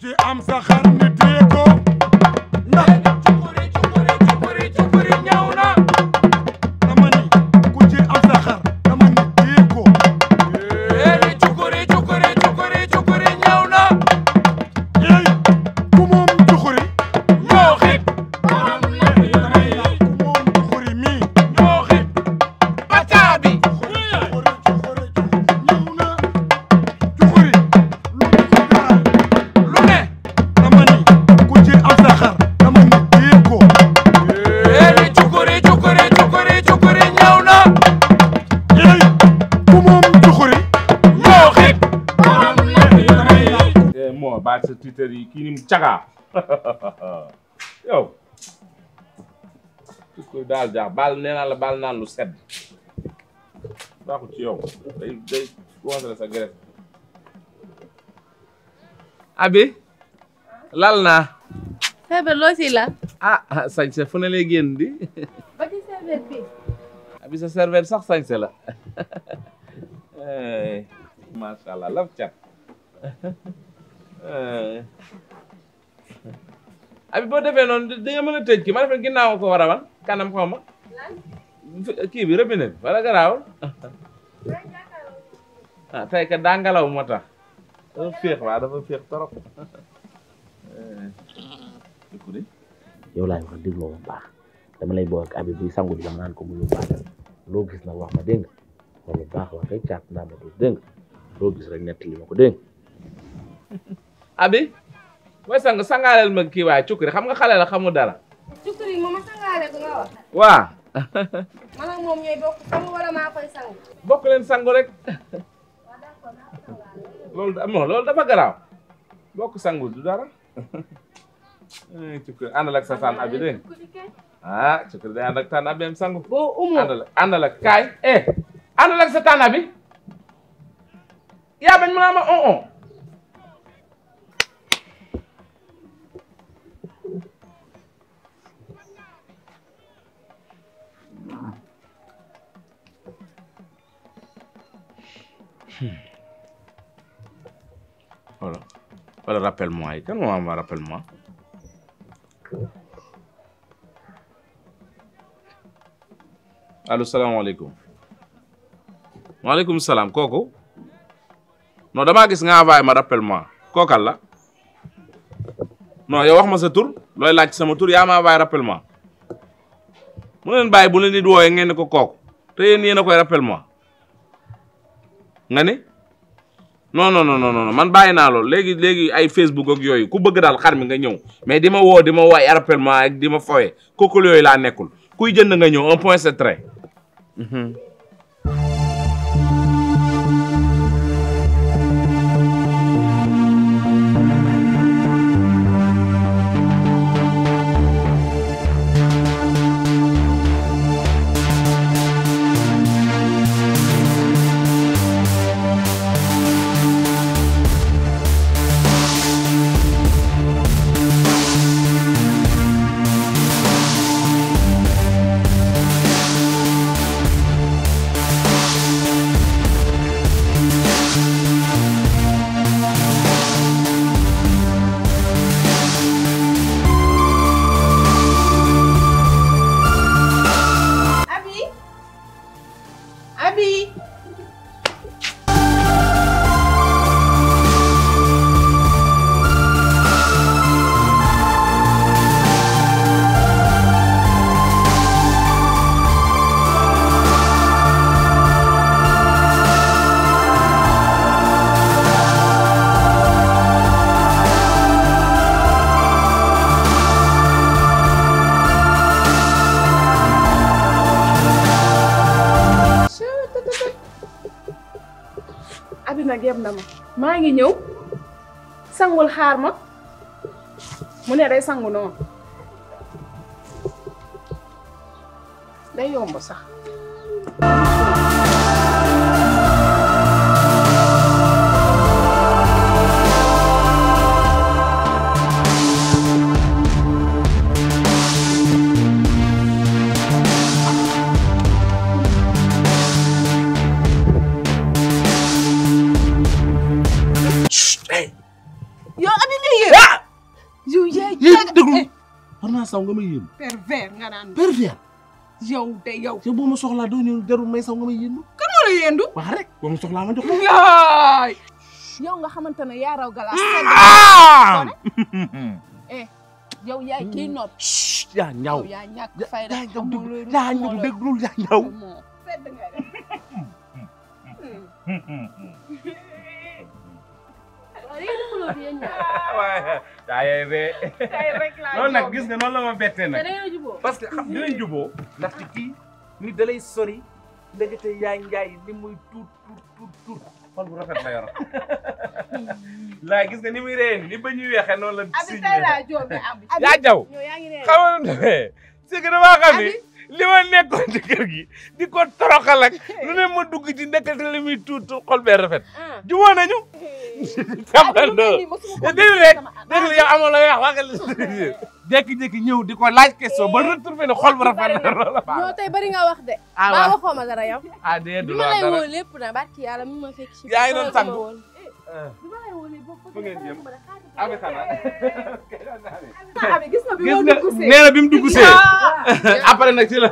ci am sa xar ni téye ko Twitter yi kii ni cagaa yow su ko la baal naan lu sedd baaxul ci yow day day commencé la sa abi lal naa feebar loo si la ah, ah sañse fu ne lay di ba ci serveur bi abi sa serveur sax sañse la eh, macha allah laf cat Eh. abi boo defee noonu di nga mën a ki ma defee ginnaaw ko war a wan kanam xaw ma kii bi robinet bi wala garaawul ah tey kat daa ngelaw moo tax dafa féex waa dafa féex trop eh. yow laay wax dégloo lay boo ak abi buy sangu bi dama loo gis nag wax ma dégg nga loolu baax wax ma dégg loo gis rek nett li ma ko dégg abi mooy sang sangaaleel ma kii waaye cukkuri xam nga xale la xamul dara. cukkuri waa. man ak moom ñooy bokk sangu wala maa koy sangu. bokk leen sangu rek. loolu non loolu dafa garaaw bokk sangu du dara. Eh, cukkuri àndal ak sa tànn abi dégg ah cukkuri day ànd eh, ak sa tànn abi yaa bañ mu naa ma on oh, oh. voilà wala rappelle-moi yi kan moo am rappelle-moi allo salaamaaleykum maaleykum salaam kooku non damaa gis nga envoyé ma rappelle-moi kookal la non yow wax ma sa tur looy laaj sama tur yaa ma envoyé rappelle-moi mu leen bàyyi bu leen nit wooyee ngeen ne ko kooku te yéen yéen a koy rappelle-moi nga ne non non non non man bàyyi naa lo léegi léegi ay Facebook ak yooyu ku bëgg daal xar mi nga ñëw mais di ma woo di ma woo ay rappellement ak di ma foyee kooku yooyu laa nekkul kuy jënd nga ñëw un point c'est na maa ngi ñëw sangul xaar ma mu ne day sangu noonu day yomb sax yow yaa yéen déglu war eh. naa saw nga may yéem. pervers nga naan yow de yow. yow boo ma soxlaa doo ñëw jarul may saw nga may yéem. kan moo ma soxlaa yaay. yow nga xamante ne yaa raw galaas. Ah! Ah! eh yow yaay kii hmm. nopp. yaa ñaaw yaa ñàkk fayda amul loolu yaa waaye taayee bee. loolu nag gis nga noonu la ma bettee nag. parce que xam dinañ juboo ndaxte kii nit da lay sori ndekete yaay njaay li muy tuut tuut tuut tuut xol bu rafet la yor laa gis nga ni muy reen ni ba ñuy weexee noonu la. suñu yaa jaw xamoon ne c'est que damaa xam ni. li ma nekkoon ci kër gi di ko toroxal ak lu ne ma dugg ci ndekete li muy tuut xol bee rafet. Ah. jubóo nañu. xamandoo dégg rek dégg yow amoo looy wax waxal jékki-jékki ñëw di ko laaj question ba retrouvé ne xol bu rafet na loola. ñoo tey bëri nga de. ah waaw maa waxoo ma dara yow. ah déedéet du la dara abi gis nga nee na bi mu dugg see après nag ci la.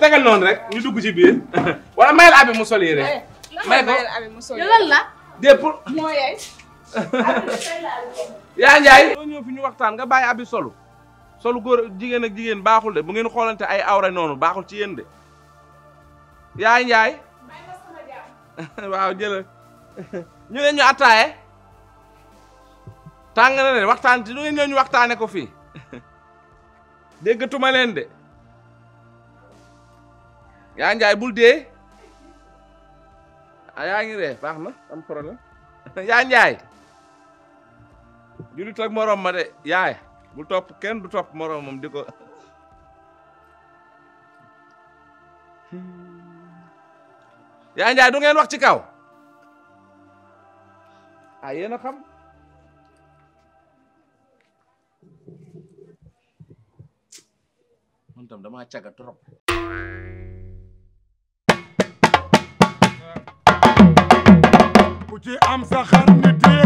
tegal noonu rek ñu dugg si biir. wala mayel abi mu sol yi la. de pour. moo yaay. Njaay. soo ñu waxtaan nga bàyyi abi solu. solu góor jigéen ak jigéen baaxul de bu ngeen xoolante ay awra noonu baaxul ci yéen de. yaa Njaay. waaw jëlal ñu ne ñu attaaye tàng na de waxtaan ci lu ngeen ñëw ñu waxtaane ko fii déggatuma leen de yaa njaay dee a ah, yaa ngi ree baax na am problème yaa njaay julit ak moroom yaay bul topp kenn du top morom moom di ko yaay njaay du ngeen wax ci kaw ah yéen a tam damaa caga trop ku ci am sa xar nit